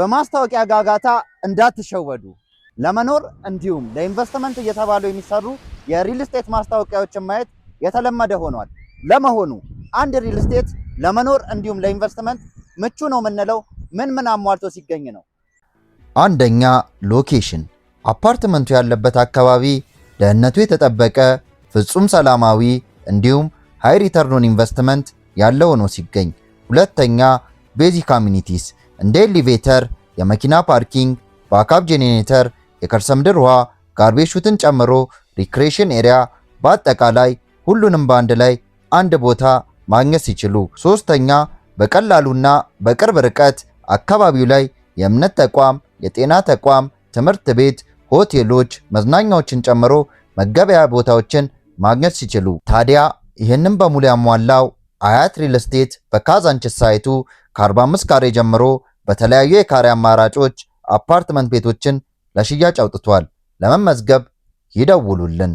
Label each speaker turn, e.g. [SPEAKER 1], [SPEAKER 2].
[SPEAKER 1] በማስታወቂያ ጋጋታ እንዳትሸወዱ። ለመኖር እንዲሁም ለኢንቨስትመንት እየተባሉ የሚሰሩ የሪል ስቴት ማስታወቂያዎችን ማየት የተለመደ ሆኗል። ለመሆኑ አንድ ሪል ስቴት ለመኖር እንዲሁም ለኢንቨስትመንት ምቹ ነው የምንለው ምን ምን አሟልቶ ሲገኝ ነው?
[SPEAKER 2] አንደኛ ሎኬሽን፣ አፓርትመንቱ ያለበት አካባቢ ደህንነቱ የተጠበቀ ፍጹም ሰላማዊ እንዲሁም ሃይ ሪተርን ኢንቨስትመንት ያለው ነው ሲገኝ። ሁለተኛ ቤዚክ አሚኒቲስ እንደ ኤሊቬተር፣ የመኪና ፓርኪንግ፣ ባካፕ ጄኔሬተር፣ የከርሰ ምድር ውሃ፣ ጋርቤጅ ሹትን ጨምሮ ሪክሬሽን ኤሪያ፣ በአጠቃላይ ሁሉንም በአንድ ላይ አንድ ቦታ ማግኘት ሲችሉ፣ ሶስተኛ በቀላሉና በቅርብ ርቀት አካባቢው ላይ የእምነት ተቋም፣ የጤና ተቋም፣ ትምህርት ቤት፣ ሆቴሎች፣ መዝናኛዎችን ጨምሮ መገበያ ቦታዎችን ማግኘት ሲችሉ ታዲያ ይህንም በሙሉ ያሟላው አያት ሪል ስቴት በካዛንችስ ሳይቱ ከ45 ካሬ ጀምሮ በተለያዩ የካሬ አማራጮች አፓርትመንት ቤቶችን ለሽያጭ አውጥቷል። ለመመዝገብ ይደውሉልን።